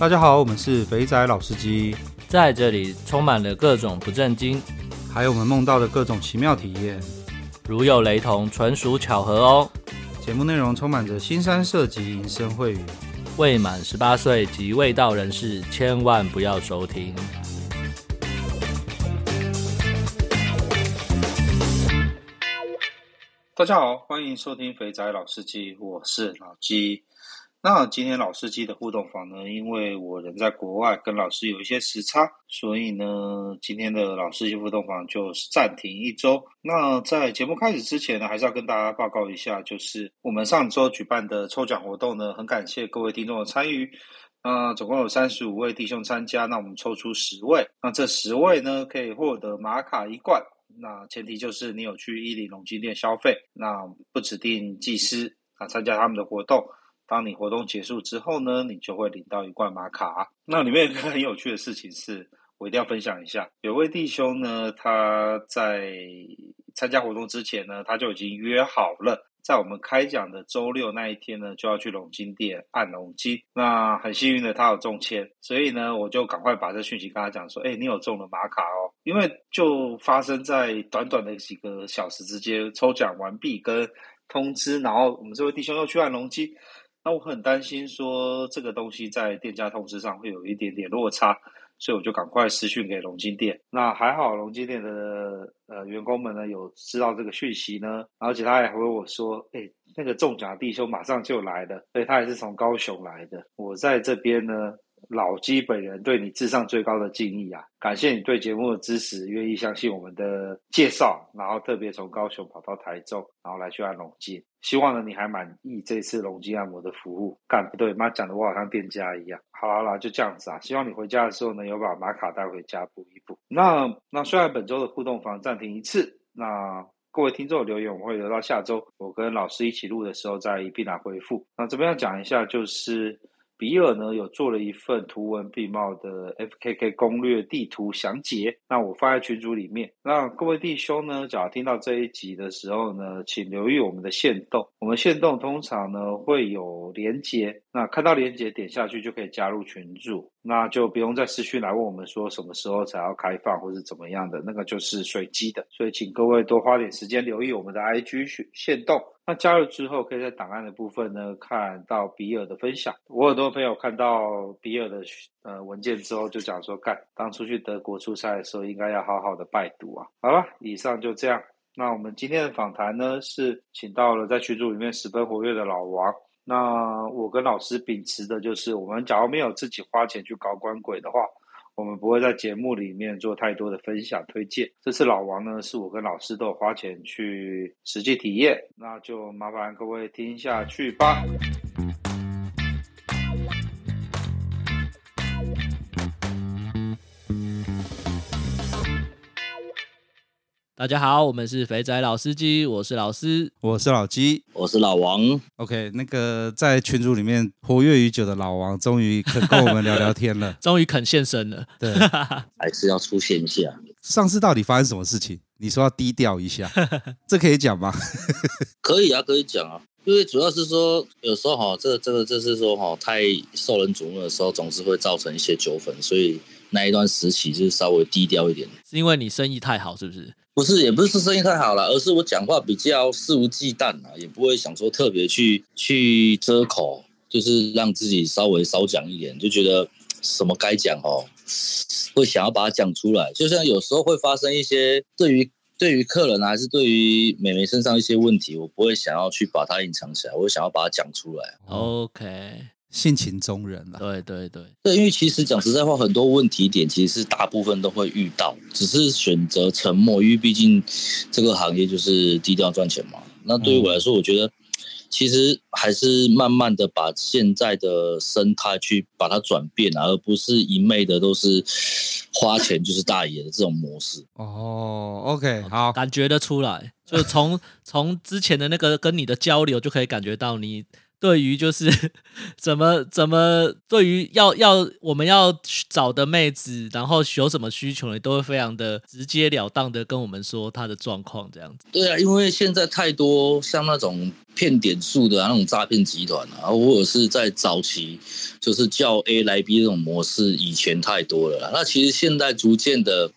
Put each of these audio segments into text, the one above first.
大家好，我們是肥仔老司機，在這裡充滿了各種不正經，還有我們夢到的各種奇妙體驗。如有雷同，純屬巧合哦。節目內容充滿着腥羶色及淫聲穢語，未滿十八歲及未到人士，千萬不要收聽。大家好，歡迎收聽肥仔老司機，我是老雞。那今天老司機的互動房呢？因為我人在國外，跟老師有一些時差，所以呢，今天的老司機互動房就暫停一周。那在節目開始之前呢，還是要跟大家報告一下，就是我們上周舉辦的抽獎活動呢，很感謝各位聽眾的參與。那、呃、總共有三十五位弟兄參加，那我們抽出十位，那這十位呢，可以獲得瑪卡一罐。那前提就是你有去伊犁農機店消費，那不指定技師啊，參加他們的活動。當你活動結束之後呢，你就會領到一罐馬卡啊。那裡面有個很有趣的事情是，是我一定要分享一下。有位弟兄呢，他在參加活動之前呢，他就已經約好了，在我們開獎的週六那一天呢，就要去龍津店按龍機。那很幸運的，他有中籤，所以呢，我就趕快把這訊息跟他講說：“誒，哎，你有中了馬卡哦！”因為就發生在短短的幾個小時之間，抽獎完畢跟通知，然後我們這位弟兄又去按龍機。那我很擔心說這個東西在店家通知上會有一點點落差，所以我就趕快私訊給龍金店。那還好，龍金店的呃員工們呢有知道這個訊息呢，而且他還回我說：“哎，那個中獎弟兄馬上就來了，所以他也是從高雄來的。我在這邊呢。”老基本人對你致上最高的敬意啊！感謝你對節目的支持，願意相信我們的介紹，然後特別從高雄跑到台中，然後來去按龍筋。希望呢，你還滿意這次龍筋按摩的服務。幹，不對，媽講的我好像店家一樣。好了啦，就這樣子啊。希望你回家的時候呢，有把瑪卡帶回家補一補。那那雖然本周的互動房暫停一次，那各位聽眾留言我會留到下周，我跟老師一起錄的時候再一併來回復。那這邊要講一下就是。比爾呢，有做了一份圖文並茂的 FKK 攻略地圖詳解，那我放在群組裡面。那各位弟兄呢，假如聽到這一集的時候呢，請留意我們的限動，我們限動通常呢會有連接，那看到連接點下去就可以加入群組。那就不用再私訊來問我們說什麼時候才要開放或者怎麼樣的，那個就是隨機的。所以請各位多花點時間留意我們的 IG 去限動。那加入之後，可以在檔案的部分呢看到比爾的分享。我很多朋友看到比爾的呃文件之後，就講說，幹當初去德國出差的時候，應該要好好的拜讀啊。好了，以上就這樣。那我們今天的訪談呢，是請到了在群組裡面十分活躍的老王。那我跟老師秉持的就是，我們假如沒有自己花錢去搞管軌的話，我們不會在節目裡面做太多的分享推薦。這次老王呢，是我跟老師都有花錢去實際體驗，那就麻煩各位聽下去吧。大家好，我們是肥仔老司機，我是老師，我是老雞，我是老王。OK，那個在群組裡面活躍已久的老王，終於肯跟我們聊聊天了，終 於肯現身了。對，還是要出現一下。 上次到底發生什麼事情？你說要低調一下， 這可以講嗎？ 可以啊，可以講啊。因為主要是說，有時候哈，這個、這個就是說哈，太受人矚目的時候，總是會造成一些糾紛，所以那一段時期就是稍微低調一點。是因為你生意太好，是不是？不是，也不是是生意太好了，而是我講話比較肆無忌憚啊，也不會想說特別去去遮口，就是讓自己稍微少講一點，就覺得什麼該講哦，會想要把它講出來。就像有時候會發生一些對於對於客人啊，還是對於美眉身上一些問題，我不會想要去把它隱藏起來，我想要把它講出來。OK。性情中人啦，對對對，對，對，因為其實講實在話，很多問題點其實大部分都會遇到，只是選擇沉默，因為畢竟這個行業就是低調賺錢嘛。那對於我來說，嗯、我覺得其實還是慢慢的把現在的生態去把它轉變，啊、而不是一昧的都是花錢就是大爺的這種模式。哦，OK，好，感覺得出來，就從從 之前的那個跟你的交流就可以感覺到你。對於就是怎麼怎麼，怎麼對於要要我們要找的妹子，然後有什麼需求，也都會非常的直截了當的跟我們說她的狀況這樣子。對啊，因為現在太多像那種騙點數的、啊、那種詐騙集團啊，或者是在早期就是叫 A 來 B 這種模式，以前太多了，啊。那其實現在逐漸的。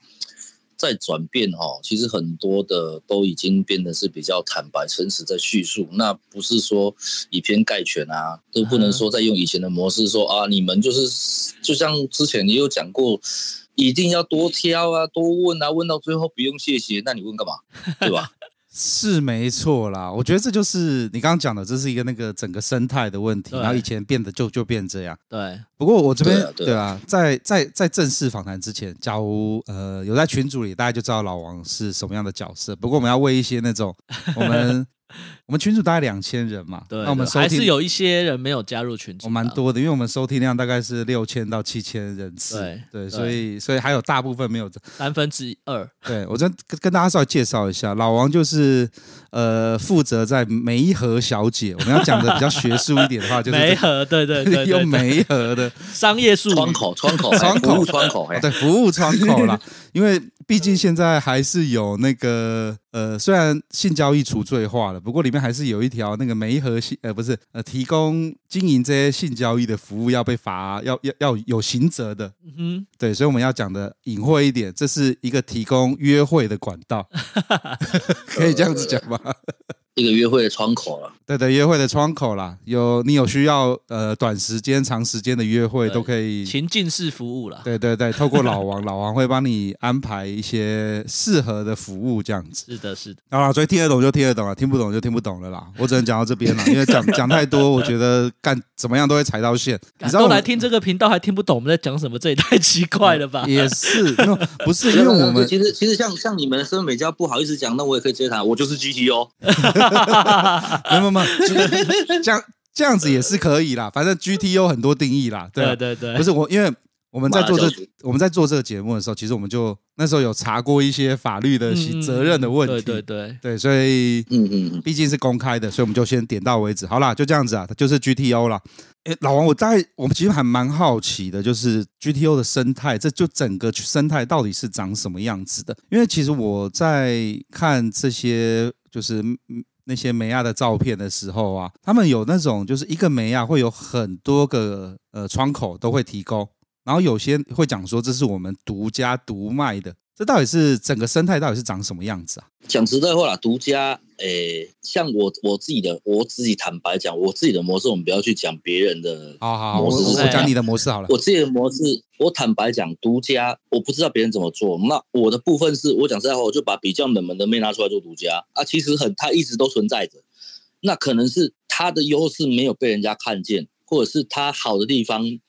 在轉變哦，其實很多的都已經變得是比較坦白、誠實在敘述，那不是說以偏概全啊，都不能說再用以前的模式說、嗯、啊，你們就是就像之前你有講過，一定要多挑啊，多問啊，問到最後不用謝謝，那你問幹嘛， 對吧？是沒錯啦，我覺得這就是你剛剛講的，這是一個那個整個生態的問題，然後以前變得就就變這樣。對，不過我這邊對啊、對啊，在在在正式訪談之前，假如呃有在群組裡，大家就知道老王是什麼樣的角色。不過我們要為一些那種 我們。我們群組大概兩千人嘛，那對對對、啊、我們收還是有一些人沒有加入群組、啊，我蠻多的，因為我們收聽量大概是六千到七千人次，對，對所以所以還有大部分沒有三分之二。對我再跟大家稍微介紹一下， 老王就是呃負責在媒合小姐，我們要講的比較學術一點的話， 合就是 媒合，對對、對、對、對用媒合的對對對對商業術窗口、窗口、 欸、服務窗口，欸啊、對服務窗口啦。 因為畢竟現在還是有那個呃，雖然性交易除罪化了，不過裡面。還是有一條那個媒合性呃，不是呃，提供經營這些性交易的服務要被罰，要要要有刑責的。嗯哼，對，所以我們要講的隱晦一點，這是一個提供約會的管道， 可以這樣子講嗎？ 一個約會的窗口了，對對，約會的窗口啦，有你有需要，呃，短時間、長時間的約會都可以。情境式服務了，對對對，透過老王， 老王會幫你安排一些適合的服務，這樣子。是的，是的啊，所以聽得懂就聽得懂了，聽不懂就聽不懂了啦。我只能講到這邊了， 因為講講太多，我覺得幹怎麼樣都會踩到線。 你知道來聽這個頻道還聽不懂我們在講什麼，這也太奇怪了吧？ 也是，不是因為我們其實其實像像你們身份美家不好意思講，那我也可以接他我就是 GTO 哦。 沒有嗎？這樣這樣子也是可以啦。反正 GTO 很多定義啦，對對，對對，不是我，因為我們在做這我們在做這個節目的時候，其實我們就那時候有查過一些法律的責任的問題，對、嗯、對對對，對所以嗯嗯，畢竟是公開的，所以我們就先點到為止。好啦，就這樣子啊，就是 GTO 啦。哎，老王，我在我們其實還蠻好奇的，就是 GTO 的生態，這就整個生態到底是長什麼樣子的？因為其實我在看這些，就是。那些梅亞的照片的時候啊，他們有那種，就是一個梅亞會有很多個呃窗口都會提供，然後有些會講說這是我們獨家獨賣的。這到底是整個生態到底是長什麼樣子啊？講實在話啦，獨家，哎，像我我自己的，我自己坦白講，我自己的模式，我們不要去講別人的模式、哦。好好，我講你的模式好了、啊。我自己的模式，我坦白講，獨家，我不知道別人怎麼做。那我的部分是，我講實在話，我就把比較冷門的妹拿出來做獨家啊。其實很，它一直都存在着。那可能是它的優勢沒有被人家看見，或者是它好的地方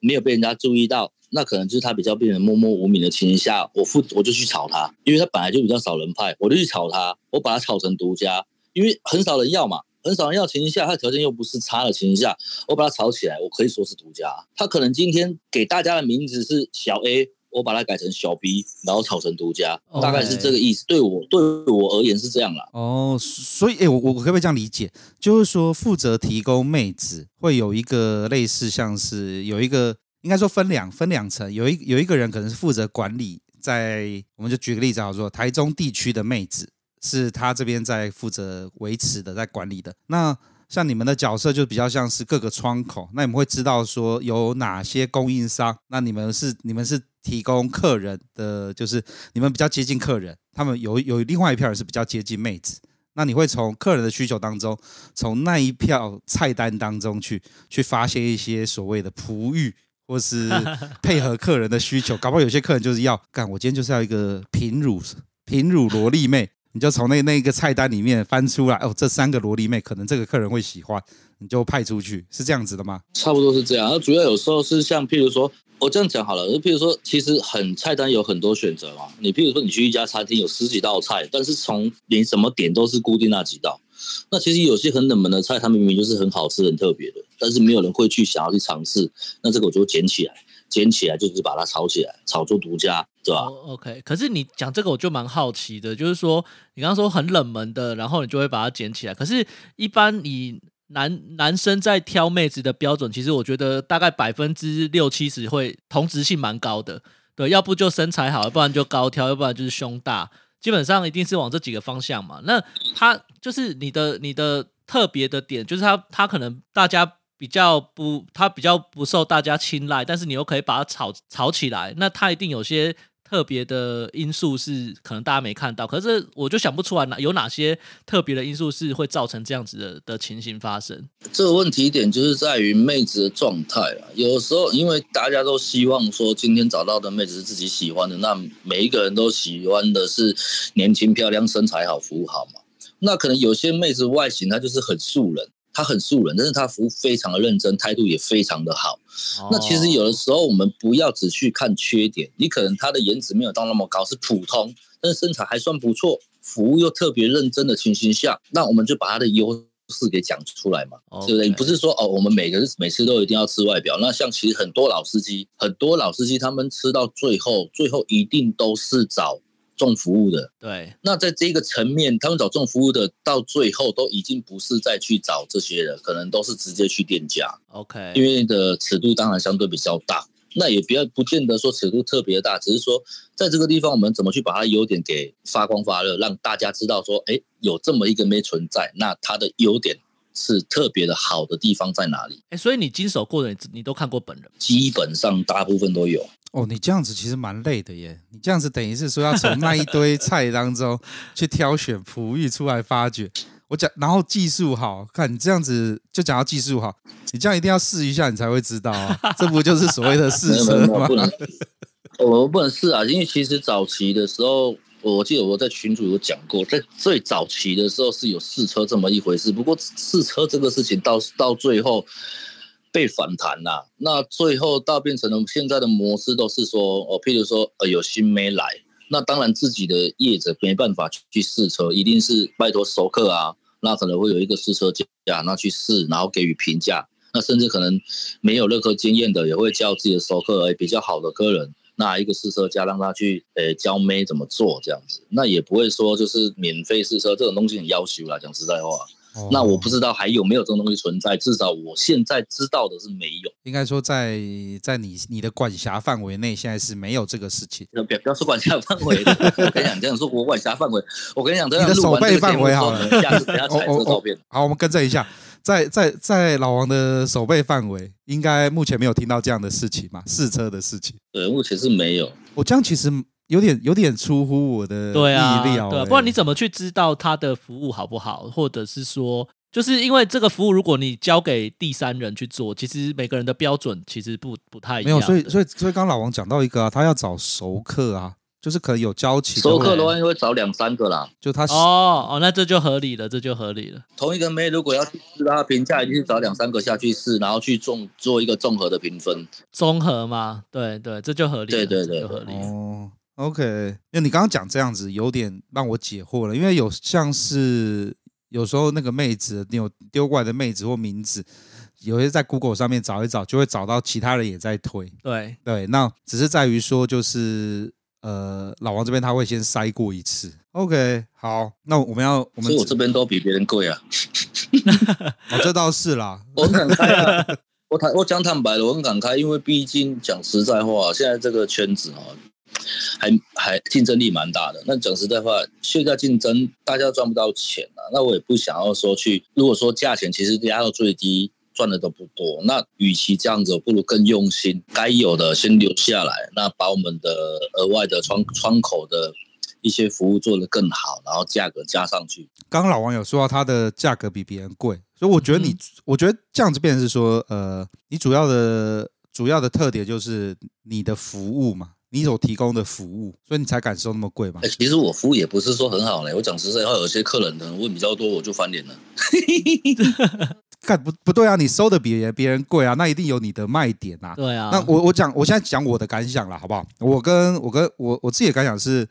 沒有被人家注意到。那可能就是他比較變得默默無名的情況下，我負我就去炒他，因為他本來就比較少人派，我就去炒他，我把他炒成獨家，因為很少人要嘛，很少人要情形下，他的條件又不是差的情況下，我把他炒起來，我可以說是獨家啊。他可能今天給大家的名字是小 A，我把它改成小 B，然後炒成獨家，Okay. 大概是這個意思。對我對我而言是這樣了。哦，所以哎，我我可不可以這樣理解，就是說負責提供妹子會有一個類似像是有一個。應該說分兩分兩層，有一有一個人可能是負責管理在，在我們就舉個例子好，說台中地區的妹子是他這邊在負責維持的，在管理的。那像你們的角色就比較像是各個窗口，那你們會知道說有哪些供應商，那你們是你們是提供客人的，就是你們比較接近客人，他們有有另外一票人是比較接近妹子，那你會從客人的需求當中，從那一票菜單當中去去發現一些所謂的璞玉。或是配合客人的需求，搞不好有些客人就是要幹，我今天就是要一個貧乳貧乳蘿莉妹，你就從那那個菜單裡面翻出來，哦，這三個蘿莉妹可能這個客人會喜歡，你就派出去，是這樣子的嗎？差不多是這樣，主要有時候是像譬如說，我這樣講好了，就譬如說，其實很菜單有很多選擇嘛，你譬如說你去一家餐廳有十幾道菜，但是從連什麼點都是固定那幾道。那其實有些很冷門的菜，它明明就是很好吃、很特別的，但是沒有人會去想要去嘗試。那這個我就撿起來，撿起來就是把它炒起來，炒出獨家，是吧？Oh, OK。可是你講這個，我就蠻好奇的，就是說你剛剛說很冷門的，然後你就會把它撿起來。可是，一般以男男生在挑妹子的標準，其實我覺得大概百分之六七十會同質性蠻高的，對，要不就身材好，要不然就高挑，要不然就是胸大，基本上一定是往這幾個方向嘛。那他。就是你的你的特別的點，就是他他可能大家比較不，他比較不受大家青睞，但是你又可以把它炒炒起來，那他一定有些特別的因素是可能大家沒看到，可是我就想不出來哪有哪些特別的因素是會造成這樣子的的情形發生。這個問題點就是在於妹子的狀態啊，有時候因為大家都希望說今天找到的妹子是自己喜歡的，那每一個人都喜歡的是年輕漂亮、身材好、服務好嘛。那可能有些妹子外形，她就是很素人，她很素人，但是她服務非常的認真，態度也非常的好。Oh. 那其實有的時候我們不要只去看缺點，你可能她的顏值沒有到那麼高，是普通，但是身材還算不錯，服務又特別認真的情形下，那我們就把她的優勢給講出來嘛，對不對？你不是說哦，我們每個人每次都一定要吃外表。那像其實很多老司機，很多老司機他們吃到最後，最後一定都是找。重服務的，對。那在這個層面，他們找重服務的，到最後都已經不是再去找這些人，可能都是直接去店家。OK。因為的尺度當然相對比較大，那也不要不見得說尺度特別大，只是說在這個地方，我們怎麼去把它優點給發光發熱，讓大家知道說，哎、欸，有這麼一個沒存在，那它的優點是特別的好的地方在哪裡？哎、欸，所以你經手過的你，你都看過本人？基本上大部分都有。哦，你這樣子其實蠻累的耶。你這樣子等於是說要從那一堆菜當中去挑選璞玉出來發掘。我講，然後技術好，看你這樣子就講到技術好，你這樣一定要試一下，你才會知道啊、哦。這不就是所謂的試車嗎？ 不能，我不能試啊，因為其實早期的時候，我記得我在群組有講過，在最早期的時候是有試車這麼一回事。不過試車這個事情到到最後。被反彈啦、啊，那最後到變成了現在的模式都是說哦，譬如說呃有新妹來，那當然自己的業者沒辦法去試車，一定是拜託熟客啊，那可能會有一個試車家，那去試，然後給予評價。那甚至可能沒有任何經驗的也會叫自己的熟客比較好的客人那一個試車家讓他去誒、欸、教妹怎麼做這樣子，那也不會說就是免費試車這種東西很要求啦，講實在話。Oh. 那我不知道還有沒有這種東西存在，至少我現在知道的是沒有。應該說在，在在你你的管轄範圍內，現在是沒有這個事情。不要，不要說管轄範圍， 我跟你講，這樣說我管轄範圍，我跟你講，這是守備範圍好我我、 oh, oh, oh、好，我們更正一下，在在在老王的守備範圍，應該目前沒有聽到這樣的事情嘛？試車的事情。對，目前是沒有。我這樣其實。有點有點出乎我的意料。欸，對啊對，不然你怎麼去知道他的服務好不好？或者是說，就是因為這個服務，如果你交給第三人去做，其實每個人的標準其實不不太一樣。沒有，所以所以所以，剛剛老王講到一個，啊，他要找熟客啊，就是可能有交情。熟客的話，也會找兩三個啦，就他哦哦，那這就合理了，這就合理了。同一個妹如果要去試，他的評價一定是找兩三個下去試，然後去綜做一個綜合的評分，綜合嘛，對對，合對，對對，這就合理，對對對，合理 OK，那你剛剛講這樣子，有點讓我解惑了。因為有像是有時候那個妹子，你有丟過來的妹子或名字，有些在 Google 上面找一找，就會找到其他人也在推。對對，那只是在於說，就是呃，老王這邊他會先篩過一次。OK，好，那我們要，所以我這邊都比別人貴啊、 哦。這倒是啦， 我很感慨啊，我坦我講坦白了我很感慨，因為畢竟講實在話，現在這個圈子啊。還還競爭力蠻大的。那講實在話，現在競爭，大家賺不到錢了、啊。那我也不想要說去，如果說價錢其實壓到最低，賺的都不多。那與其這樣子，不如更用心，該有的先留下來。那把我們的額外的窗窗口的一些服務做得更好，然後價格加上去。剛剛老王有說到，他的價格比別人貴，所以我覺得你，嗯、我覺得這樣子變成是說，呃，你主要的主要的特點就是你的服務嘛。你所提供的服務，所以你才敢收那麼貴嗎？哎、欸，其實我服務也不是說很好嘞、欸。我講實在話，有些客人問比較多，我就翻臉了。看 不不對啊？你收的比別人貴啊，那一定有你的賣點啊。對啊。那我我講，我現在講我的感想了，好不好？我跟我跟我我自己的感想是。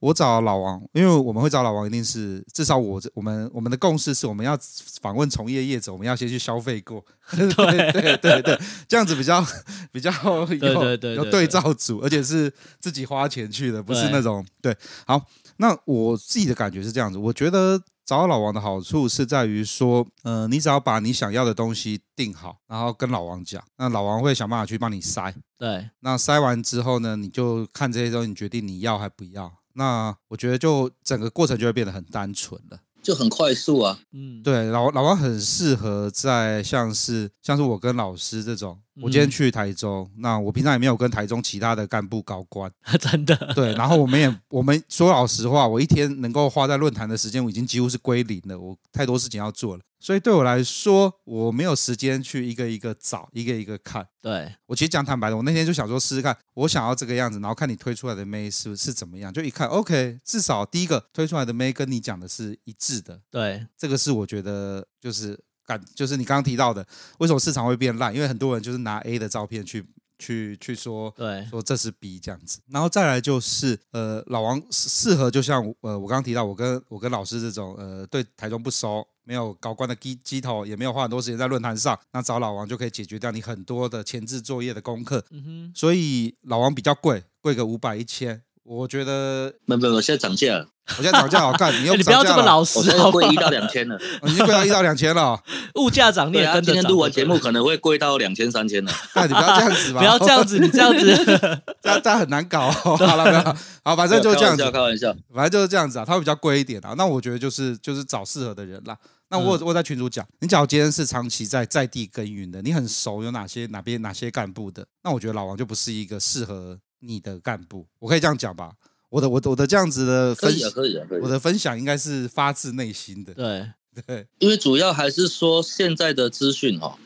我找老王，因為我們會找老王，一定是至少我我們我們的共識是，我們要訪問從業業者，我們要先去消費過，對 對對對，對，這樣子比較比較有對對對對對對有對照組，而且是自己花錢去的，不是那種對，對。好，那我自己的感覺是這樣子，我覺得找老王的好處是在於說，嗯、呃，你只要把你想要的東西定好，然後跟老王講，那老王會想辦法去幫你篩，對，那篩完之後呢，你就看這些東西，你決定你要還不要。那我覺得就整個過程就會變得很單純了，就很快速啊。嗯，對，老老王很適合在像是像是我跟老師這種。我今天去台中、嗯，那我平常也沒有跟台中其他的幹部高官，真的。對，然後我們也我們說老實話，我一天能夠花在論壇的時間，我已經幾乎是歸零了。我太多事情要做了，所以對我來說，我沒有時間去一個一個找，一個一個看。對我其實講坦白的，我那天就想說試試看，我想要這個樣子，然後看你推出來的妹是不是,是怎麼樣，就一看 OK，至少第一個推出來的妹跟你講的是一致的。對，這個是我覺得就是。感就是你剛剛提到的，為什麼市場會變爛？因為很多人就是拿 A 的照片去去去說，對，說這是 B 這樣子。然後再來就是，呃，老王適合，就像呃，我剛剛提到，我跟我跟老師這種，呃，對台中不熟，沒有高官的雞雞頭，也沒有花很多時間在論壇上，那找老王就可以解決掉你很多的前置作業的功課。嗯哼，所以老王比較貴，貴個五百一千。我覺得沒沒，我現在漲價了，我現在漲價好幹，你，你不要這麼老實好好，好貴一到兩千了， 哦，你已經貴到一到兩千了？哦，物價漲你也跟今天錄完節目可能會貴到兩千三千了，那、啊、 你不要這樣子吧，不要這樣子，你 這樣子這 這很難搞，哦，好了沒有好，反正就是這樣子開，開玩笑，反正就是這樣子啊，它會比較貴一點啊，那我覺得就是就是找適合的人啦，啊，那我、嗯、我在群組講，你講我今天是長期在在地耕耘的，你很熟有哪些哪邊哪些幹部的，那我覺得老王就不是一個適合。你的幹部，我可以這樣講吧？我的，我的，我的這樣子的分享，可以的，可以，可以，我的分享應該是發自內心的。對，對，因為主要還是說現在的資訊哈，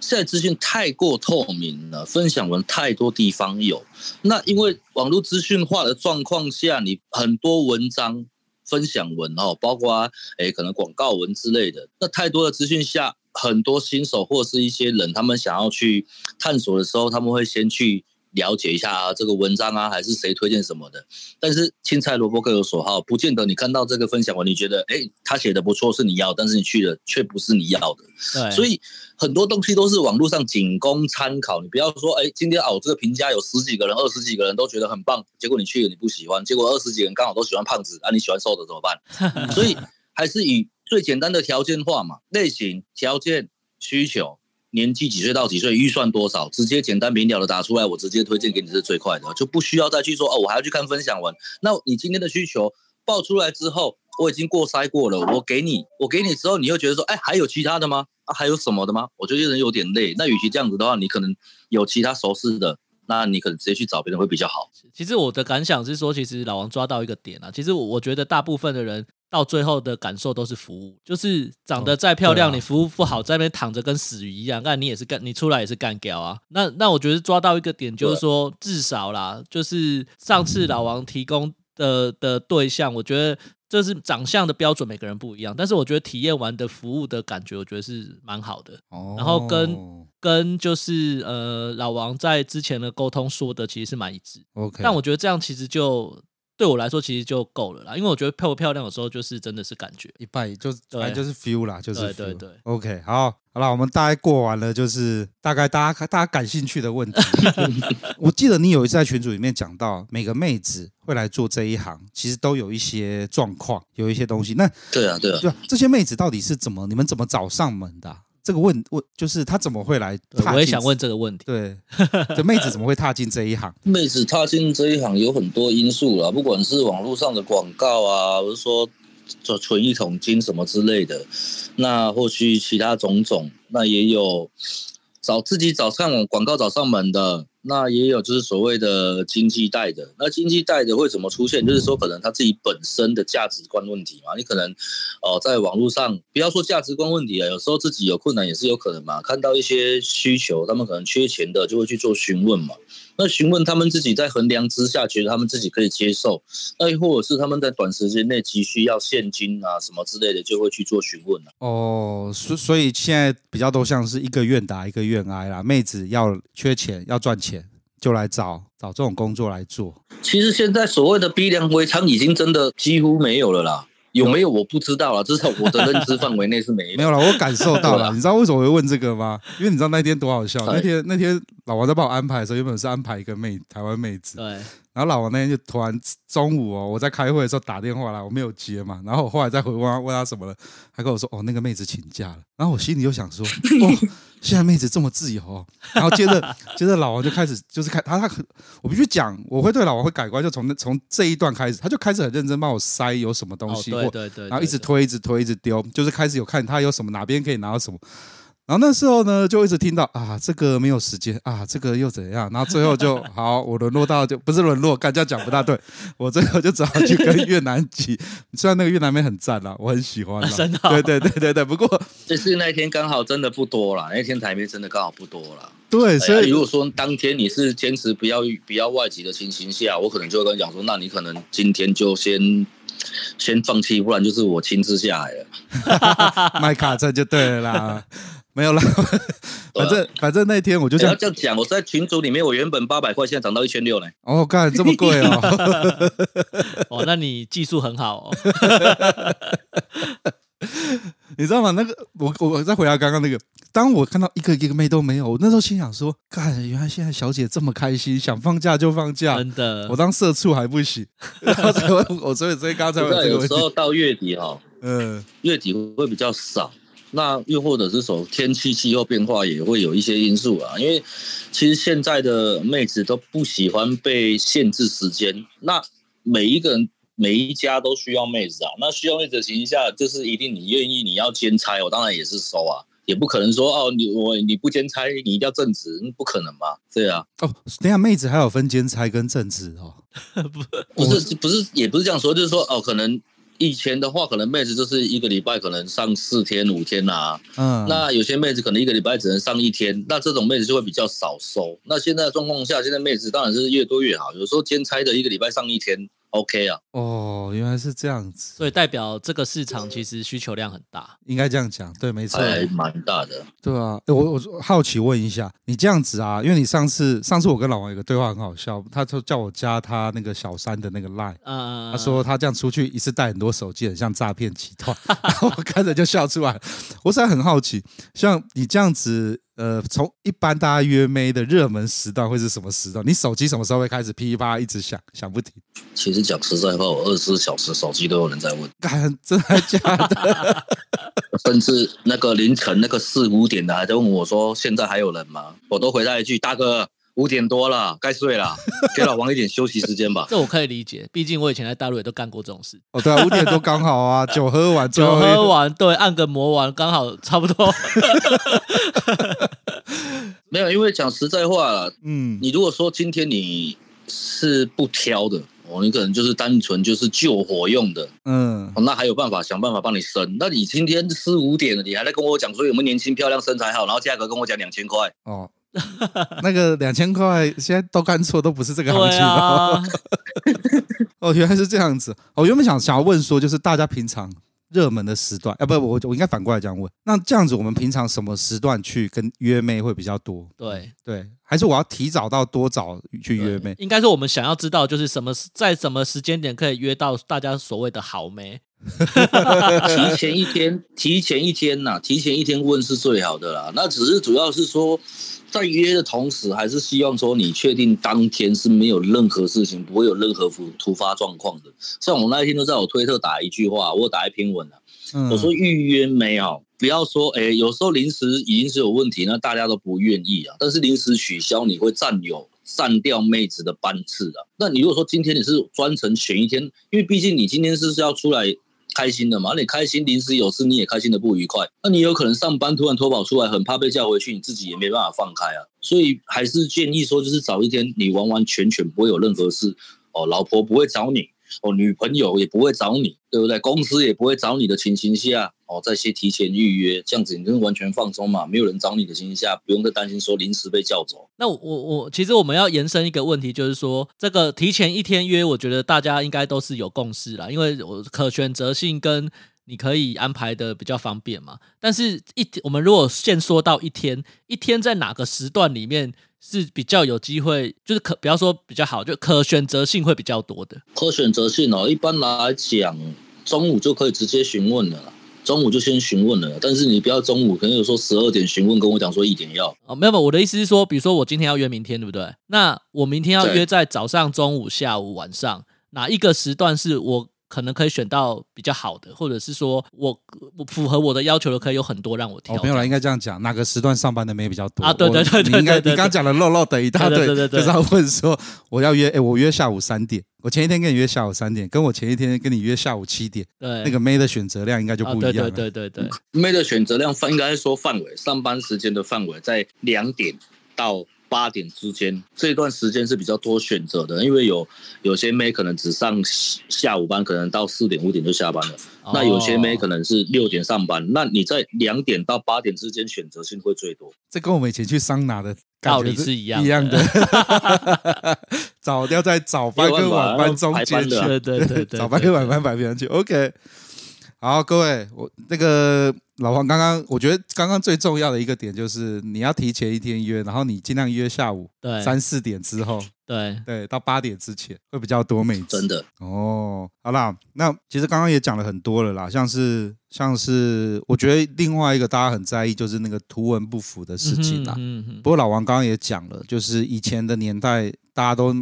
現在資訊太過透明了，分享文太多地方有。那因為網絡資訊化的狀況下，你很多文章分享文哦，包括哎，可能廣告文之類的。那太多的資訊下，很多新手或是一些人，他們想要去探索的時候，他們會先去了解一下啊，這個文章啊，還是誰推薦什麼的？但是青菜蘿蔔各有所好，不見得你看到這個分享文，你覺得哎、欸，他寫的不錯，是你要，但是你去了卻不是你要的。對，所以很多東西都是網絡上僅供參考，你不要說哎、欸，今天哦，這個評價有十幾個人、二十幾個人都覺得很棒，結果你去了你不喜歡，結果二十幾個人剛好都喜歡胖子，那、啊、你喜歡瘦的怎麼辦？ 所以還是以最簡單的條件化嘛，類型、條件、需求。年紀幾歲到幾歲，預算多少，直接簡單明了的打出來，我直接推薦給你是最快的，就不需要再去說哦，我還要去看分享文。那你今天的需求報出來之後，我已經過篩過了，我給你，我給你之後，你又覺得說，哎、欸，還有其他的嗎？啊，還有什麼的嗎？我覺得人有點累。那與其這樣子的話，你可能有其他熟識的，那你可能直接去找別人會比較好。其實我的感想是說，其實老王抓到一個點啊，其實我我覺得大部分的人。到最後的感受都是服務，就是長得再漂亮，哦啊、你服務不好，在那邊躺着跟死魚一樣。那你也是幹，你出來也是幹屌啊。那那我覺得抓到一個點，就是說至少啦，就是上次老王提供的、嗯、的對象，我覺得這是長相的標準，每個人不一樣。但是我覺得體驗完的服務的感覺，我覺得是蠻好的。然後跟、哦、跟就是呃老王在之前的溝通說的，其實是蠻一致。OK、okay，但我覺得這樣其實就對我來說其實就夠了啦，因為我覺得漂不漂亮有時候就是真的是感覺，一半就本來就是 feel 啦，就是 feel，對對對，對，OK，好，好啦，我們大概過完了，就是大概大家大家感興趣的問題。 我記得你有一次在群組裡面講到，每個妹子會來做這一行，其實都有一些狀況，有一些東西。那對啊對啊，對啊就，這些妹子到底是怎麼你們怎麼找上門的、啊？這個問問，就是他怎麼會來、呃？我也想問這個問題。對，這妹子怎麼會踏進這一行？ 妹子踏進這一行有很多因素了，不管是網絡上的廣告啊，或者說這存一桶金什麼之類的，那或許其他種種，那也有。找自己、找上網廣告、找上門的，那也有，就是所謂的經濟帶的。那經濟帶的會怎麼出現？就是說可能他自己本身的價值觀問題嘛。你可能哦，在網絡上不要說價值觀問題啊，有時候自己有困難也是有可能嘛。看到一些需求，他們可能缺錢的，就會去做詢問嘛。那詢問，他們自己在衡量之下，覺得他們自己可以接受，那或者是他們在短時間內急需要現金啊什麼之類的，就會去做詢問、啊、哦，所所以現在比較都像是一個願打一個願挨啦，妹子要缺錢要賺錢，就來找找這種工作來做。其實現在所謂的逼良為娼已經真的幾乎沒有了啦。有沒有我不知道啊？至少我的認知範圍內是沒， 沒有了。我感受到了，你知道為什麼會問這個嗎？因為你知道那天多好笑。那天那天老王在幫我安排的時候，原本是安排一個妹台灣妹子，對。然後老王那天就突然中午哦，我在開會的時候打電話了，我沒有接嘛。然後我後來再回問問他，問他什麼了，他跟我說哦那個妹子請假了。然後我心裡就想說、哦。 現在妹子這麼自由，哦，然後接着 接着老王就開始就是開他他我必須講，我會對老王會改觀，就從從這一段開始，他就開始很認真幫我塞有什麼東西，哦、對、對、對，或，然後一直推一直推一直丟，對對對對，就是開始有看他有什麼哪邊可以拿到什麼。然後那時候呢，就一直聽到啊，這個沒有時間啊，這個又怎樣？然後最後就好，我淪落到，就不是淪落，剛才講不大對。我最後就只好去跟越南籍， 雖然那個越南妹很讚啦，我很喜歡、啊真的哦。對對對對對，不過就是那天剛好真的不多了，那天台面真的剛好不多了。對，所以、哎、如果說當天你是堅持不要不要外籍的情形下，我可能就跟你講說，那你可能今天就先先放棄，不然就是我親自下來了，麥 卡這就對了啦。 沒有啦、啊，反正反正那天我就想。這樣講。我在群組裡面，我原本八百塊，現在漲到一千六嘞。哦，幹這麼貴哦、喔！ 那你技術很好哦、喔。 你知道嗎？那個，我我再回答剛剛那個。當我看到一個一個妹都沒有，我那時候心想說：幹，原來現在小姐這麼開心，想放假就放假。真的，我當社畜還不行。 然後才我，我所以所以剛才有，問有時候到月底哦、喔，嗯，月底會比較少。那又或者是說天氣氣候變化也會有一些因素啊，因為其實現在的妹子都不喜歡被限制時間。那每一個人每一家都需要妹子啊，那需要妹子的情況下，就是一定你願意你要兼差，我當然也是收啊，也不可能說哦，你我你不兼差，你一定要正職，不可能嘛？對啊。哦，等下妹子還有分兼差跟正職哦 不，不是不是也不是這樣說，就是說哦可能。以前的話，可能妹子就是一個禮拜可能上四天五天吶、啊，嗯，嗯，那有些妹子可能一個禮拜只能上一天，那這種妹子就會比較少收。那現在狀況下，現在妹子當然是越多越好。有時候兼差的一個禮拜上一天。OK 啊，哦，原來是這樣子，所以代表這個市場其實需求量很大，應該這樣講，對，沒錯，還，還蠻大的，對啊。我我好奇問一下，你這樣子啊，因為你上次上次我跟老王有個對話很好笑，他說叫我加他那個小三的那個 LINE，啊、嗯、啊，他說他這樣出去一次帶很多手機，很像詐騙集團， 然後我看着就笑出來。我是很好奇，像你這樣子。呃，從一般大家約妹的熱門時段會是什麼時段？你手機什麼時候會開始噼噼啪一直響響不停？其實講實在話，我二十四小時手機都有人在問，幹真的假的？ 甚至那個凌晨那個四五點的，啊，還在問我說現在還有人嗎？我都回答一句大哥，五點多了，該睡了，給老王一點休息時間吧。 這我可以理解，畢竟我以前在大陸也都幹過這種事。哦，對啊，五點多剛好啊， 酒喝完，酒喝完，對，按個摩完，剛好差不多。 沒有，因為講實在話，嗯，你如果說今天你是不挑的，哦、你可能就是單純就是救火用的，嗯，哦、那還有辦法想辦法幫你升。那你今天四五點，你還在跟我講說有沒有年輕漂亮身材好，然後價格跟我講兩千塊，哦。 那個兩千塊現在都幹錯都不是這個行情了。啊、 哦，原來是這樣子。我、哦、原本想想要問說，就是大家平常熱門的時段，啊，不，我我應該反過來這樣問。那這樣子，我們平常什麼時段去跟約妹會比較多？對對，還是我要提早到多早去約妹？應該是我們想要知道，就是什麼在什麼時間點可以約到大家所謂的好妹。 提前一天，提前一天吶、啊，提前一天問是最好的啦。那只是主要是說，在約的同時，還是希望說你確定當天是沒有任何事情，不會有任何突發狀況的。像我那一天都在我推特打一句話，我打一篇文啊，嗯、我說預約沒有，不要說誒、欸，有時候臨時已經是有問題，那大家都不願意啊。但是臨時取消，你會佔有散掉妹子的班次啊。那你如果說今天你是專程選一天，因為畢竟你今天是是要出來。開心的嘛，那你開心，臨時有事你也開心的不愉快，那你有可能上班突然脫跑出來，很怕被叫回去，你自己也沒辦法放開啊，所以還是建議說，就是找一天你完完全全不會有任何事，哦，老婆不會找你，哦，女朋友也不會找你，對不對？公司也不會找你的情形下。哦，在先提前預約，這樣子你就是完全放鬆嘛，沒有人找你的情形下，不用再擔心說臨時被叫走。那我我其實我們要延伸一個問題，就是說，這個提前一天約，我覺得大家應該都是有共識啦，因為我可選擇性跟你可以安排的比較方便嘛。但是一，一我們如果限縮到一天，一天在哪個時段裡面是比較有機會，就是可不要說比較好，就可選擇性會比較多的。可選擇性哦，一般來講，中午就可以直接詢問了啦。中午就先詢問了，但是你不要中午，可能有說十二點詢問，跟我講說一點要啊、哦，沒有，我的意思是說，比如說我今天要約明天，對不對？那我明天要約在早上、中午、下午、晚上，哪一個時段是我？可能可以選到比較好的，或者是說我，我符合我的要求的，可以有很多讓我挑。哦。沒朋友來應該這樣講，哪個時段上班的妹比較多啊？對對對，對，你應該你剛講的漏漏的一大堆，就是他問說我要約，哎、欸，我約下午三點，我前一天跟你約下午三點，跟我前一天跟你約下午七點，對，那個妹的選擇量應該就不一樣了。啊、對對對妹、嗯、的選擇量範應該說範圍，上班時間的範圍在兩點到八點之間這一段時間是比較多選擇的，因為有有些妹可能只上下午班，可能到四點五點就下班了。哦、那有些妹可能是六點上班，那你在兩點到八點之間選擇性會最多。這跟我們以前去桑拿的道理是一樣的。一樣的， 早掉在早班跟晚班中間去、啊，對對對，對，早班跟晚班擺平去。OK，好，各位，我那個。老王，剛剛我覺得剛剛最重要的一個點就是你要提前一天約，然後你盡量約下午，對，三四點之後，對，對，到八點之前會比較多妹子。真的哦，好啦，那其實剛剛也講了很多了啦，像是像是我覺得另外一個大家很在意就是那個圖文不符的事情啦。嗯哼，嗯哼，不過老王剛剛也講了，就是以前的年代大家都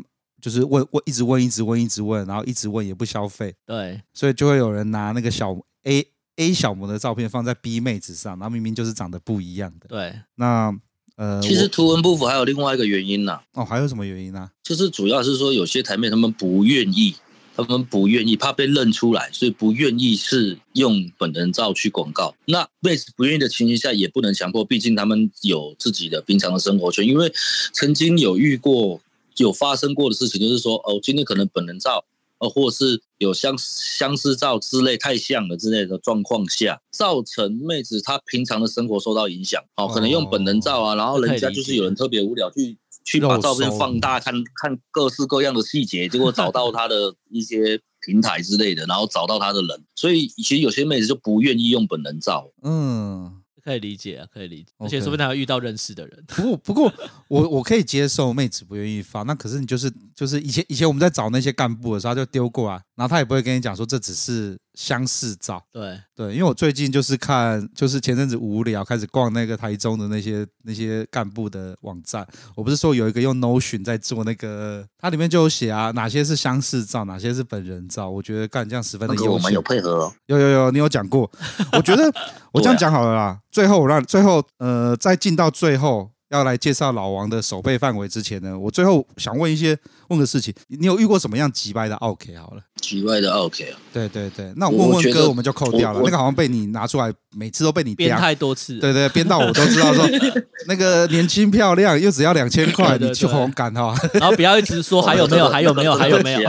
就是問問一直問一直問一直問，然後一直問也不消費，對，所以就會有人拿那個小 A，A 小模的照片放在 B 妹子上，那明明就是長得不一樣的。對，那呃，其實圖文不符還有另外一個原因呢。哦，還有什麼原因呢？就是主要是說有些台妹他們不願意，他們不願意，怕被認出來，所以不願意是用本人照去廣告。那妹子不願意的情況下，也不能強迫，畢竟他們有自己的平常的生活圈。因為曾經有遇過有發生過的事情，就是說，哦，今天可能本人照。呃，或是有相相似照之類太像了之類的狀況下，造成妹子她平常的生活受到影響。哦，可能用本人照啊、哦，然後人家就是有人特別無聊，去去把照片放大，看看各式各樣的細節，結果找到她的一些平台之類的， 然後找到她的人。所以其實有些妹子就不願意用本人照。嗯。可以理解啊，可以理解，Okay. 而且說不定還會遇到認識的人。不過，不過 我我可以接受妹子不願意發，那可是你就是就是以前以前我們在找那些幹部的時候就丟過啊。然後他也不會跟你講說，這只是相似照，對，對對，因為我最近就是看，就是前陣子無聊開始逛那個台中的那些那些幹部的網站，我不是說有一個用 Notion 在做那個，它裡面就有寫啊，哪些是相似照，哪些是本人照，我覺得幹這樣十分的哥哥有配合、哦，有有有，你有講過， 我覺得我這樣講好了啦、啊，最後我讓最後呃再進到最後。要來介紹老王的守備範圍之前呢，我最後想問一些問個事情。你有遇過什麼樣機掰的奧客？好了，機掰的奧客、啊、對對對。那我問問哥，我們就扣掉了那個，好像被你拿出來，每次都被你編太多次。對對，對，編到我都知道說 那個年輕漂亮又只要兩千塊，你去紅感、哦。哈。然後不要一直說還有沒有，還有沒有，還有沒有。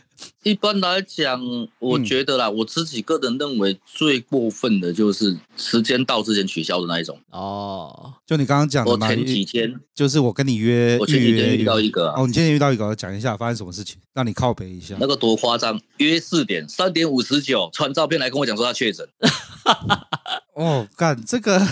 一般來講，我覺得啦、嗯，我自己個人認為最過分的就是時間到之前取消的那一種哦。就你剛剛講的，我前幾天就是我跟你約，我前幾天遇到一個、啊、哦，你今天遇到一個，我講一下發生什麼事情，讓你靠北一下。那個多誇張，約四點，三點五十九傳照片來跟我講說他確診。 哦，幹這個，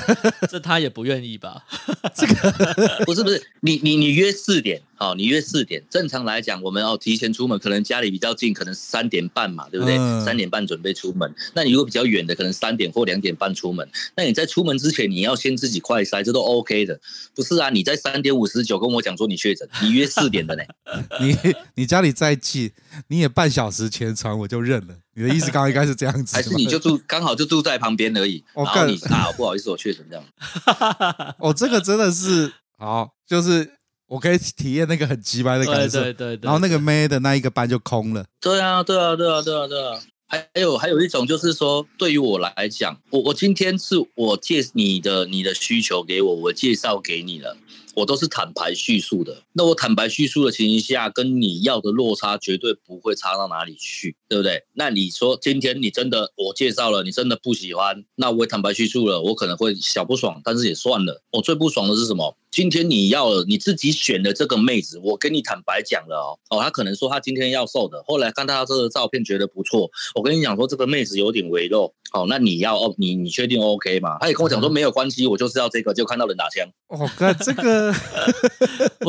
這他也不願意吧？ 這個 不是不是，你你你約四點。哦，你約四點。正常來講，我們要、哦、提前出門，可能家裡比較近，可能三點半嘛，對不對、嗯？三點半準備出門。那你如果比較遠的，可能三點或兩點半出門。那你在出門之前，你要先自己快篩，這都 OK 的。不是啊，你在三點五十九跟我講說你確診，你約四點的呢？ 你你家裡再近，你也半小時前傳我就認了。你的意思剛剛應該是這樣子，還是你就住剛好就住在旁邊而已？我 幹，不好意思，我確診這樣。 哦，這個真的是 好，就是。我可以體驗那個很雞掰的感覺，對對對，對，然後那個咩的那一個班就空了。對啊，對啊，對啊，對啊，啊對，啊對，啊、對啊。還還有還有一種就是說，對於我來講，我我今天是我介你的你的需求給我，我介紹給你了。我都是坦白敘述的，那我坦白敘述的情形下，跟你要的落差絕對不會差到哪裡去，對不對？那你說今天你真的我介紹了，你真的不喜歡，那我也坦白敘述了，我可能會小不爽，但是也算了。我、哦、最不爽的是什麼？今天你要了你自己選的這個妹子，我跟你坦白講了哦，哦，她可能說她今天要瘦的，後來看到她這個照片覺得不錯，我跟你講說，這個妹子有點微肉。好、哦，那你要哦？你你確定 OK 嗎？他也跟我講說沒有關係，我就是要這個，就看到人打槍哦。Oh, God, 這個，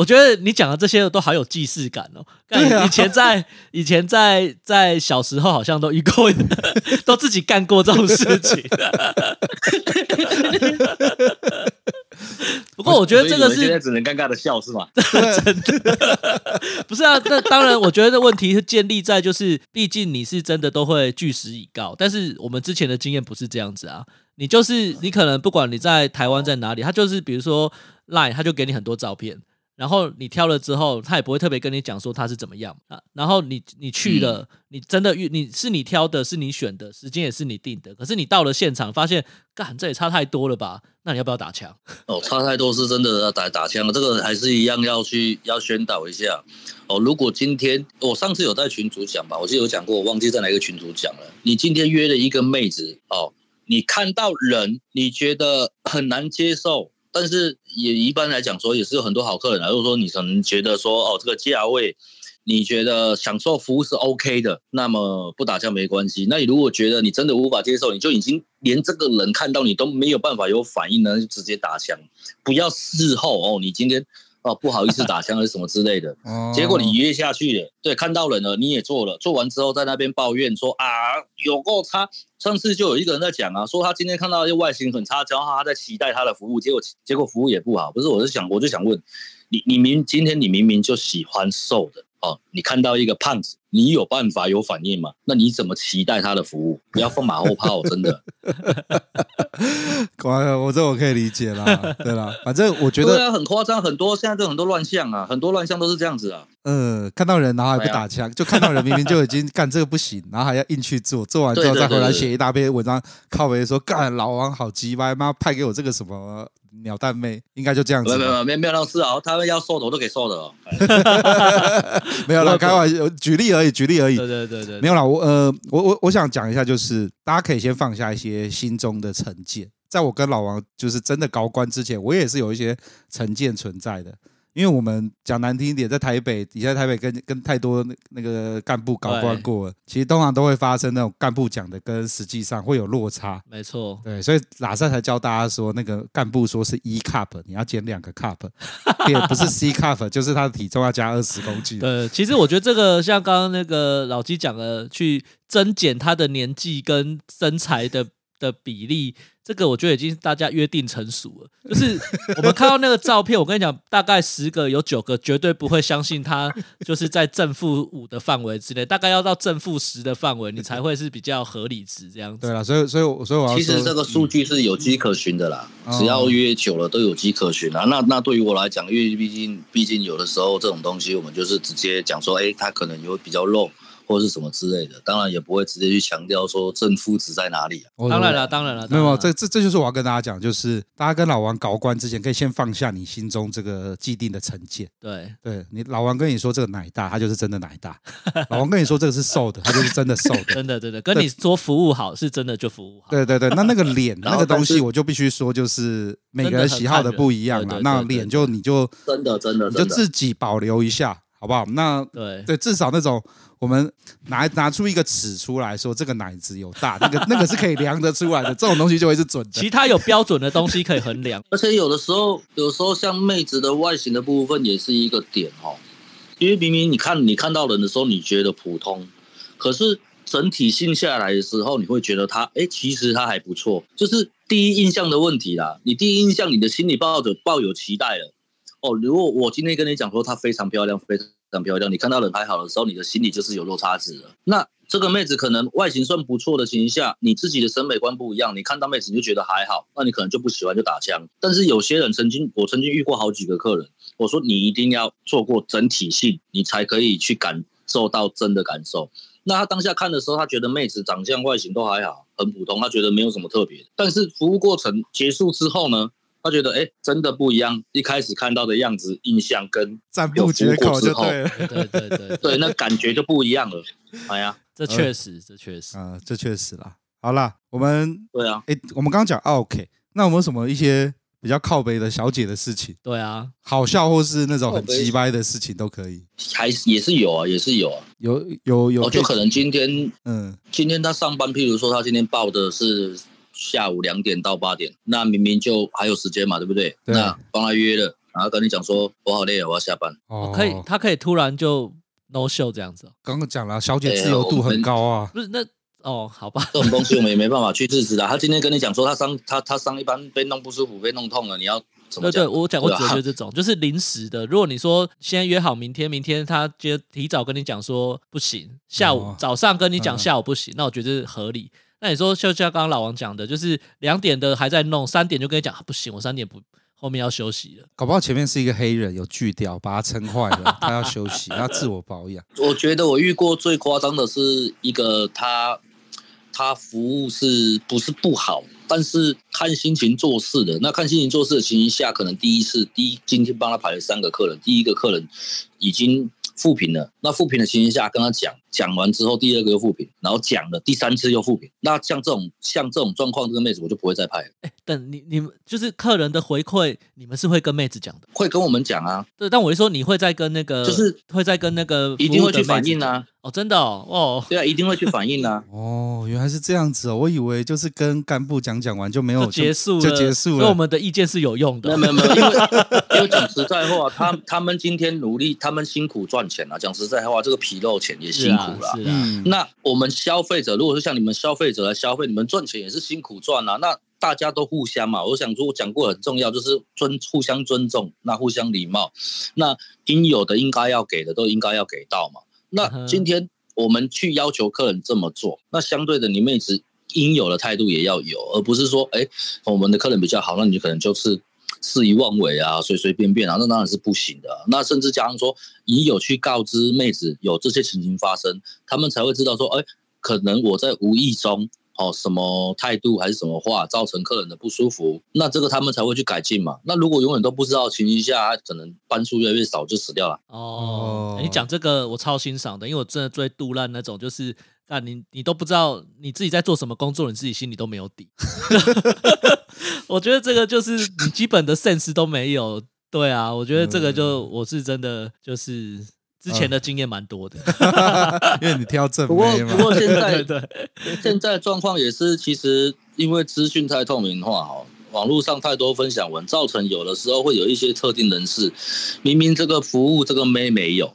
我覺得你講的這些都好有既視感哦、對啊。以前在以前在在小時候，好像都一個 都自己幹過這種事情。 不過我覺得這個是，現在只能尷尬的笑是嗎？ 真的 不是啊，那 當然，我覺得這問題是建立在就是，畢竟你是真的都會據實以告，但是我們之前的經驗不是這樣子啊，你就是你可能不管你在台灣在哪裡，他就是比如說賴，他就給你很多照片。然後你挑了之後，他也不會特別跟你講說他是怎麼樣啊。然後你你去了，嗯、你真的遇，你是你挑的，是你選的，時間也是你定的。可是你到了現場發現，幹這也差太多了吧？那你要不要打槍？哦，差太多是真的要打打槍了。這個還是一樣要去要宣導一下。哦，如果今天我上次有在群組講吧，我記得有講過，我忘記在哪一個群組講了。你今天約了一個妹子哦，你看到人你覺得很難接受。但是也一般來講說，也是有很多好客人啊，如果說你可能覺得說，哦，這個價位，你覺得享受服務是 OK 的，那麼不打槍沒關係。那你如果覺得你真的無法接受，你就已經連這個人看到你都沒有辦法有反應呢，就直接打槍，不要事後哦，你今天。哦，不好意思打槍還是什麼之類的， 嗯、結果你約下去了，對，看到人了，你也做了，做完之後在那邊抱怨說啊，有夠差。上次就有一個人在講啊，說他今天看到一個外形很差，然後他在期待他的服務，結果結果服務也不好。不是，我是想，我就想問你，你明今天你明明就喜歡瘦的哦，你看到一個胖子。你有辦法有反應嗎？那你怎麼期待他的服務？不要放馬後炮。哦，真的。哈哈。我這我可以理解啦，對啦，反正我覺得、啊、很誇張，很多現在這很多亂象啊，很多亂象都是這樣子啊。嗯、呃，看到人然後還不打槍、啊，就看到人明明就已經幹這個不行， 然後還要硬去做，做完之後再回來寫一大篇文章，靠北說幹老王好雞歪媽派給我這個什麼鳥蛋妹，應該就這樣子。沒有沒有沒有沒有那個啊，他們要瘦的我都給瘦的哈， 沒有了，開玩笑。 舉例而舉例而已，對對對對，沒有啦，我呃，我我我想講一下，就是大家可以先放下一些心中的成見。在我跟老王就是真的高官之前，我也是有一些成見存在的。因為我們講難聽一點，在台北，你在台北跟跟太多那個幹部搞慣過，其實通常都會發生那種幹部講的跟實際上會有落差。沒錯，對，所以拉薩才教大家說，那個幹部說是 E cup，你要減兩個 cup， 也不是 C cup，就是他的體重要加二十公斤。對，其實我覺得這個 像剛剛那個老雞講的，去增減他的年紀跟身材的的比例，這個我覺得已經大家約定成熟了。就是我們看到那個照片， 我跟你講，大概十個有九個絕對不會相信它，就是在正負五的範圍之內，大概要到正負十的範圍，你才會是比較合理值這樣子。對啦。所以所以所以我要說，其實這個數據是有跡可循的啦、嗯，只要約久了都有跡可循啊、哦嗯。那那對於我來講，因為畢竟畢竟有的時候這種東西，我們就是直接講說，哎、欸，它可能也會比較漏。或者是什麼之類的，當然也不會直接去強調說正負值在哪裡。當然了，當然了，沒有這這這就是我要跟大家講，就是大家跟老王交關之前，可以先放下你心中這個既定的成見。對對，你老王跟你說這個奶大，他就是真的奶大。 老王跟你說這個是瘦的， 他就是真的瘦的。 真的真的，跟你說服務好是真的就服務好。對對對，那那個臉 那個東西，我就必須說，就是每個人喜好的不一樣了。那臉就你就真的真的，你就自己保留一下。好不好？那對對，至少那種我們拿拿出一個尺出來說，這個奶子有大，那個那個是可以量得出來的。 這種東西就會是準的。其他有標準的東西可以衡量。 而且有的時候，有時候像妹子的外形的部分也是一個點哦。因為明明你看你看到人的時候，你覺得普通，可是整體性下來的時候，你會覺得她哎，其實她還不錯。就是第一印象的問題啦。你第一印象，你的心裡抱着抱有期待了。哦，如果我今天跟你講說她非常漂亮，非常。很漂亮，你看到人還好的時候，你的心裡就是有落差值的。那這個妹子可能外形算不錯的情況下，你自己的審美觀不一樣，你看到妹子你就覺得還好，那你可能就不喜歡就打槍。但是有些人曾經，我曾經遇過好幾個客人，我說你一定要做過整體性，你才可以去感受到真的感受。那他當下看的時候，他覺得妹子長相外形都還好，很普通，他覺得沒有什麼特別的。但是服務過程結束之後呢？他覺得哎、欸，真的不一樣。一開始看到的樣子，印象跟讚不絕口之後，對, 對,對,對,對對對對，那感覺就不一樣了。 哎呀，這確實，這確實啊、呃，這確實啦，好啦，我們對啊，哎、欸，我們剛剛講 OK，那我們什麼一些比較靠北的小姐的事情？對啊，好笑或是那種很雞掰的事情都可以。還是也是有啊，也是有啊，有有有、哦。就可能今天，嗯，今天他上班，譬如說他今天報的是。下午兩點到八點，那明明就還有時間嘛，對不對？對，那幫他約了，然後跟你講說，我好累了，我要下班。哦，可以，他可以突然就 no show 這樣子、哦。剛剛講了，小姐自由度很高啊。哎、不是那哦，好吧，這種東西我們也沒辦法去制止的。 他今天跟你講說他上，他他上一班被弄不舒服，被弄痛了，你要怎麼講？對對，我講過，只有這種，就是臨時的。如果你說先約好明天，明天他就提早跟你講說不行，下午、嗯、早上跟你講下午不行，嗯、那我覺得是合理。那你說，就像剛剛老王講的，就是兩點的還在弄，三點就跟你講，啊、不行，我三點不，後面要休息了。搞不好前面是一個黑人，有巨屌把他撐壞了，他要休息， 他要自我保養。我覺得我遇過最誇張的是一個他，他他服務是不是不好，但是看心情做事的。那看心情做事的情形下，可能第一次，第一今天幫他排了三個客人，第一個客人已經複評了。那複評的情形下，跟他講。講完之後，第二個又複評，然後講了第三次又複評。那像這種像這種狀況，這個妹子我就不會再拍了。哎、欸，等你你們就是客人的回饋，你們是會跟妹子講的，會跟我們講啊。對，但我就說你會再跟那個，就是會再跟那個一定會去反映啊。哦，真的哦，哦，對啊，一定會去反映啊。 哦，原來是這樣子哦，我以為就是跟幹部講講完就沒有結束就結束了。跟我們的意見是有用的，沒有沒有，沒有，因為講 實在話、啊，他他們今天努力，他們辛苦賺錢了、啊。講實在話、啊，這個皮肉錢也辛苦。是啊。是啊，是啊，嗯，那我們消費者如果是像你們消費者來消費，你們賺錢也是辛苦賺啊。那大家都互相嘛、啊，我想說我講過很重要，就是尊互相尊重，那互相禮貌，那應有的應該要給的都應該要給到嘛。那今天我們去要求客人這麼做，那相對的你妹子應有的態度也要有，而不是說哎、欸，我們的客人比較好，那你可能就是。肆意妄為啊，隨隨便便啊，那當然是不行的，啊。那甚至假如說你有去告知妹子有這些情形發生，他們才會知道說，哎、欸，可能我在無意中哦什麼態度還是什麼話，造成客人的不舒服，那這個他們才會去改進嘛。那如果永遠都不知道情形下，可能班數越來越少，就死掉了。哦，嗯欸，你講這個我超欣賞的，因為我真的最杜爛那種，就是。那你你都不知道你自己在做什麼工作，你自己心裡都沒有底。 我覺得這個就是你基本的 sense 都沒有。對啊，我覺得這個就我是真的就是之前的經驗蠻多的， 因為你挑正妹嘛，不，不過現在對，現在狀況也是，其實因為資訊太透明化哦、喔，網絡上太多分享文，造成有的時候會有一些特定人士，明明這個服務這個沒沒有。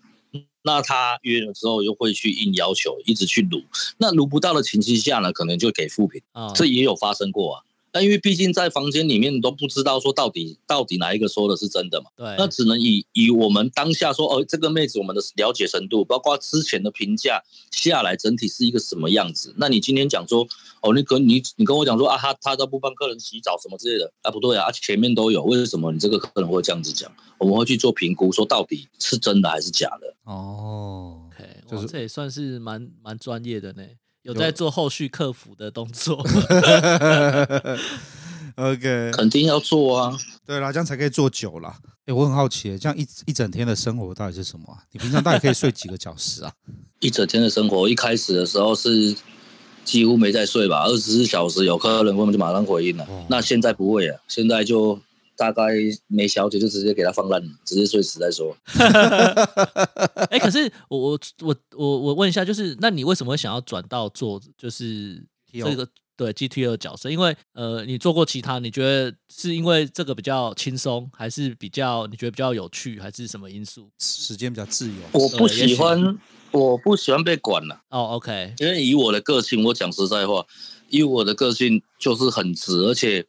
那他約了之後，又會去應要求，一直去擼。那擼不到的情況下呢，可能就給負評、哦、這也有發生過啊。但因為畢竟在房間裡面，你都不知道說到底到底哪一個說的是真的嘛？對。那只能以以我們當下說，哦，這個妹子我們的了解深度，包括之前的評價下來，整體是一個什麼樣子？那你今天講說，哦，你跟你你跟我講說啊，他他都不幫客人洗澡什麼之類的啊，不對啊前面都有，為什麼你這個客人會這樣子講？我們會去做評估，說到底是真的還是假的？哦，oh, OK，我這也算是蠻蠻專業的呢。有，有在做後續客服的動作 ，OK，肯定要做啊。對啦，這樣才可以做久啦。哎、欸，我很好奇，這樣一一整天的生活到底是什麼啊？你平常大概可以睡幾個小時啊？ 一整天的生活，一開始的時候是幾乎沒在睡吧，二十四小時有客人我就馬上回應了、哦。那現在不會啊，現在就。大概沒小姐就直接給他放爛，直接睡死再說。哎、 欸，可是我我我我我問一下，就是那你為什麼會想要轉到做就是這個對 GTO 的角色？因為呃，你做過其他，你覺得是因為這個比較輕鬆，還是比較你覺得比較有趣，還是什麼因素？時間比較自由。我不喜歡，我不喜歡被管了、啊。哦、oh,，OK，因為以我的個性，我講實在話，以我的個性就是很直，而且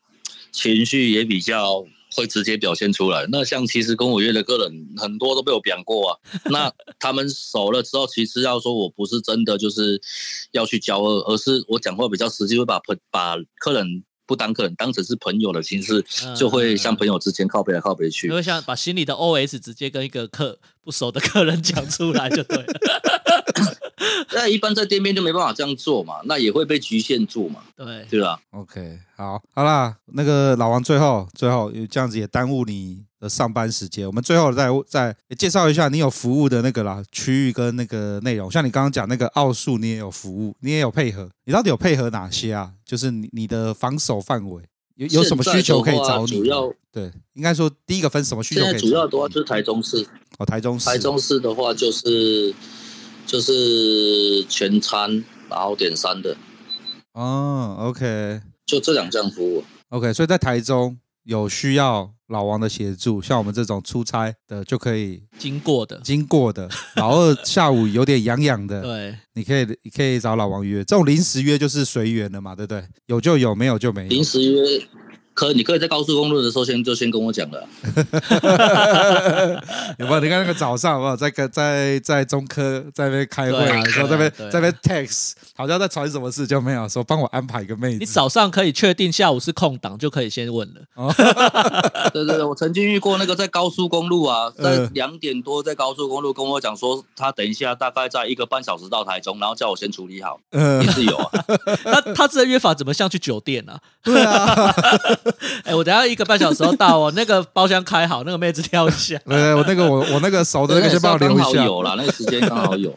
情緒也比較。會直接表現出來。那像其實跟我約的客人很多都被我表過啊。 那他們熟了之後，其實要說我不是真的就是要去交惡，而是我講話比較實際，會把朋把客人不當客人，當成是朋友的形式，就會像朋友之間靠北來靠北去。嗯嗯嗯。因為像把心裡的 OS 直接跟一個客不熟的客人講出來就對了。 那、哎、一般在店面就沒辦法這樣做嘛，那也會被局限住嘛，對對吧？OK，好好啦，那個老王最後最後這樣子也耽誤你的上班時間，我們最後再再介紹一下你有服務的那個啦區域跟那個內容。像你剛剛講那個奧數，你也有服務，你也有配合，你到底有配合哪些啊？就是你，你的防守範圍有有什麼需求可以找你主要？對，應該說第一個分什麼需求可以找你？現在主要的話就是台中市哦，台中市台中市的話就是。就是全餐，然後點餐的。哦、oh，OK，就這兩項服務。OK，所以在台中有需要老王的協助，像我們這種出差的就可以經過的，經過的。經過的 老二下午有點癢癢的，對，你可以可以找老王約，這種臨時約就是隨緣的嘛，對不對？有就有，沒有就沒有。臨時約。可你可以在高速公路的時候先就先跟我講了、啊， 有沒有？你看那個早上有沒有在跟在在中科在那邊開會，然後這邊這邊 tax 好像在傳什麼事，就沒有說幫我安排一個妹子。你早上可以確定下午是空檔，就可以先問了。 對對對，我曾經遇過那個在高速公路啊，在兩點多在高速公路跟我講說，他等一下大概在一個半小時到台中，然後叫我先處理好。 也是有啊， 那他這個約法怎麼像去酒店呢、啊？對啊。 哎、 欸，我等一下一個半小時到哦、喔， 那個包廂開好，那個妹子跳一下。 對，對，對，我那個我我那個熟的那個先幫我留一下。那個、好有啦，那個時間剛好有。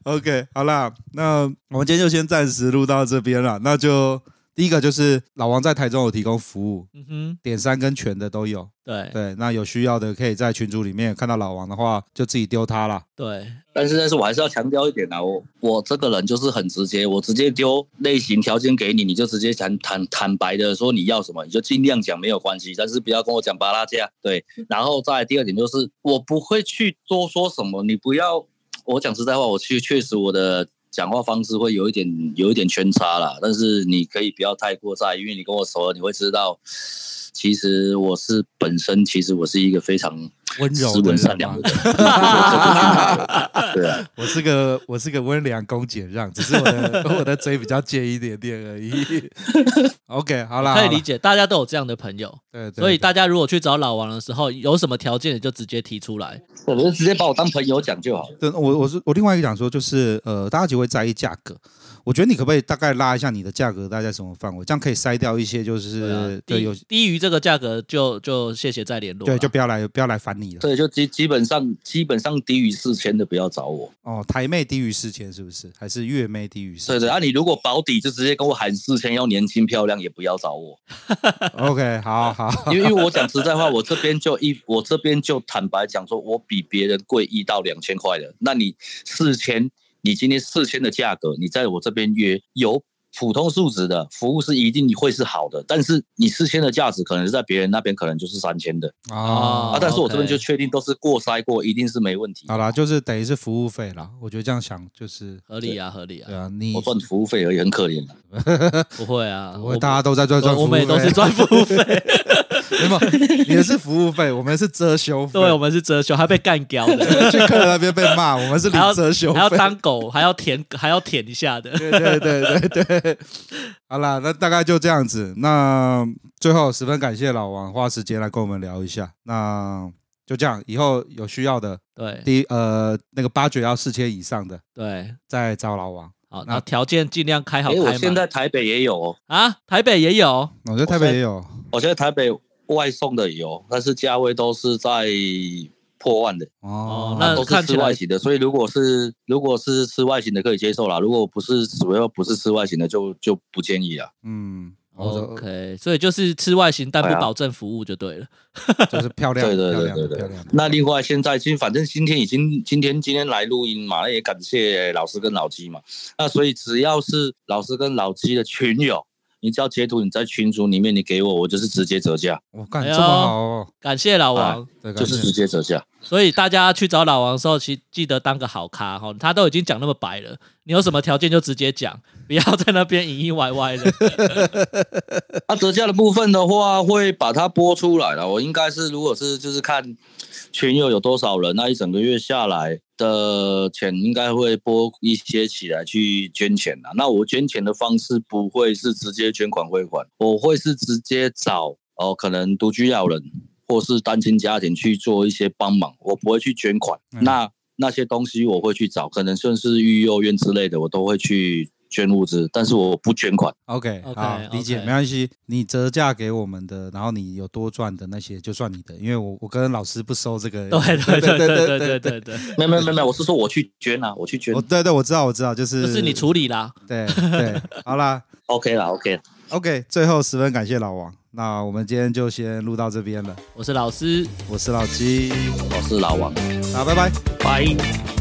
OK，好啦，那我們今天就先暫時錄到這邊了，那就。第一個就是老王在台中有提供服務，嗯哼，點三跟全的都有。對對，那有需要的可以在群組裡面看到老王的話，就自己丟他了。對，但是但是我還是要強調一點啊，我我這個人就是很直接，我直接丟類型條件給你，你就直接坦坦坦白的說你要什麼，你就儘量講沒有關係，但是不要跟我講巴拉這樣，對，然後再第二點就是我不會去多說什麼，你不要我講實在話，我去確實我的。講話方式會有一點有一點偏差了，但是你可以不要太過在意，因為你跟我熟了，你會知道，其實我是本身，其實我是一個非常。溫柔的善良，對啊， 我是個我是個溫良恭儉讓，只是我的 我的嘴比較賤一點點而已。OK，好啦，可以理解，大家都有這樣的朋友，對，對，對，對，所以大家如果去找老王的時候，有什麼條件你就直接提出來，我就直接把我當朋友講就好。對，我我是我另外一個講說就是呃，大家只會在意價格。我覺得你可不可以大概拉一下你的價格大概在什麼範圍？這樣可以篩掉一些，就是對、啊、對、低、有、低於這個價格就就謝謝再聯絡，對就不要來不要來煩你了。對，就基基本上基本上低於四千的不要找我。哦，台妹低於四千是不是？還是月妹低於四千？對對，那、啊、你如果保底就直接跟我喊四千，要年輕漂亮也不要找我。哈 哈 OK，好好。因為因為我講實在話，我這邊就一我這邊就坦白講說，我比別人貴一到兩千塊的，那你四千。你今天四千的價格，你在我這邊約有普通數值的服務是一定會是好的，但是你四千的價值可能是在別人那邊可能就是三千的，哦、啊，但是我這邊就確定都是過篩過，一定是沒問題。好啦，就是等於是服務費啦，我覺得這樣想就是合理啊，合理啊。對啊，你我賺服務費而已，很可憐。不會啊，不，不會，大家都在賺賺，我們都是賺服務費。 沒有，你的是服務費， 我們是遮羞。對，我們是遮羞，還被幹掉了， 去客人那邊被罵。我們是零遮羞，還要當狗，還要舔，還要舔一下的。 對，對對對對對。好了，那大概就這樣子。那最後十分感謝老王花時間來跟我們聊一下。那就這樣，以後有需要的，對，第一呃那個 budget 要四千以上的，對，再找老王。好，那條件儘量開好開滿、欸、我現在台北也有、哦、啊，台北也有，我，覺得台北也有我，在，我在台北也有，我在台北。外送的有，但是價位都是在破萬的哦。那都是吃外型的，哦、所以如果是如果是吃外型的可以接受啦，如果不是主要不是吃外型的就就不建議了。嗯，OK，所以就是吃外型但不保證服務就對了，哎、 就是漂亮，對對對對對。那另外現在今反正今天已經今天今天來錄音嘛，也感謝老師跟老雞嘛。那所以只要是老師跟老雞的群友。你只要截圖，你在群組裡面，你給我，我就是直接折價。我幹呀！感謝老王，哎、對，就是直接折價。所以大家去找老王的時候，其記得當個好咖齁，他都已經講那麼白了，你有什麼條件就直接講，不要在那邊唧唧歪歪了。他折價的部分的話，會把它播出來了。我應該是如果是就是看群友有,有多少人，那一整個月下來的錢，應該會撥一些起來去捐錢的。那我捐錢的方式不會是直接捐款匯款，我會是直接找哦、呃，可能獨居老人。或是單親家庭去做一些幫忙，我不會去捐款。嗯、那那些東西我會去找，可能算是育幼院之類的，我都會去捐物資，但是我不捐款。OK，, okay 好，理解，okay. 沒關係。你折價給我們的，然後你有多賺的那些就算你的，因為我我跟老師不收這個。Okay, 對對對對對對對對、對、對，對對對對對。沒有沒有沒有，我是說我去捐啊，我去捐。 oh, 對,對對，我知道我知道，就是就是你處理啦。對對， 好啦 OK 了 OK, okay.。OK，最後十分感謝老王，那我們今天就先錄到這邊了。我是老施，我是老紀，我是老王，好、啊，拜拜，拜。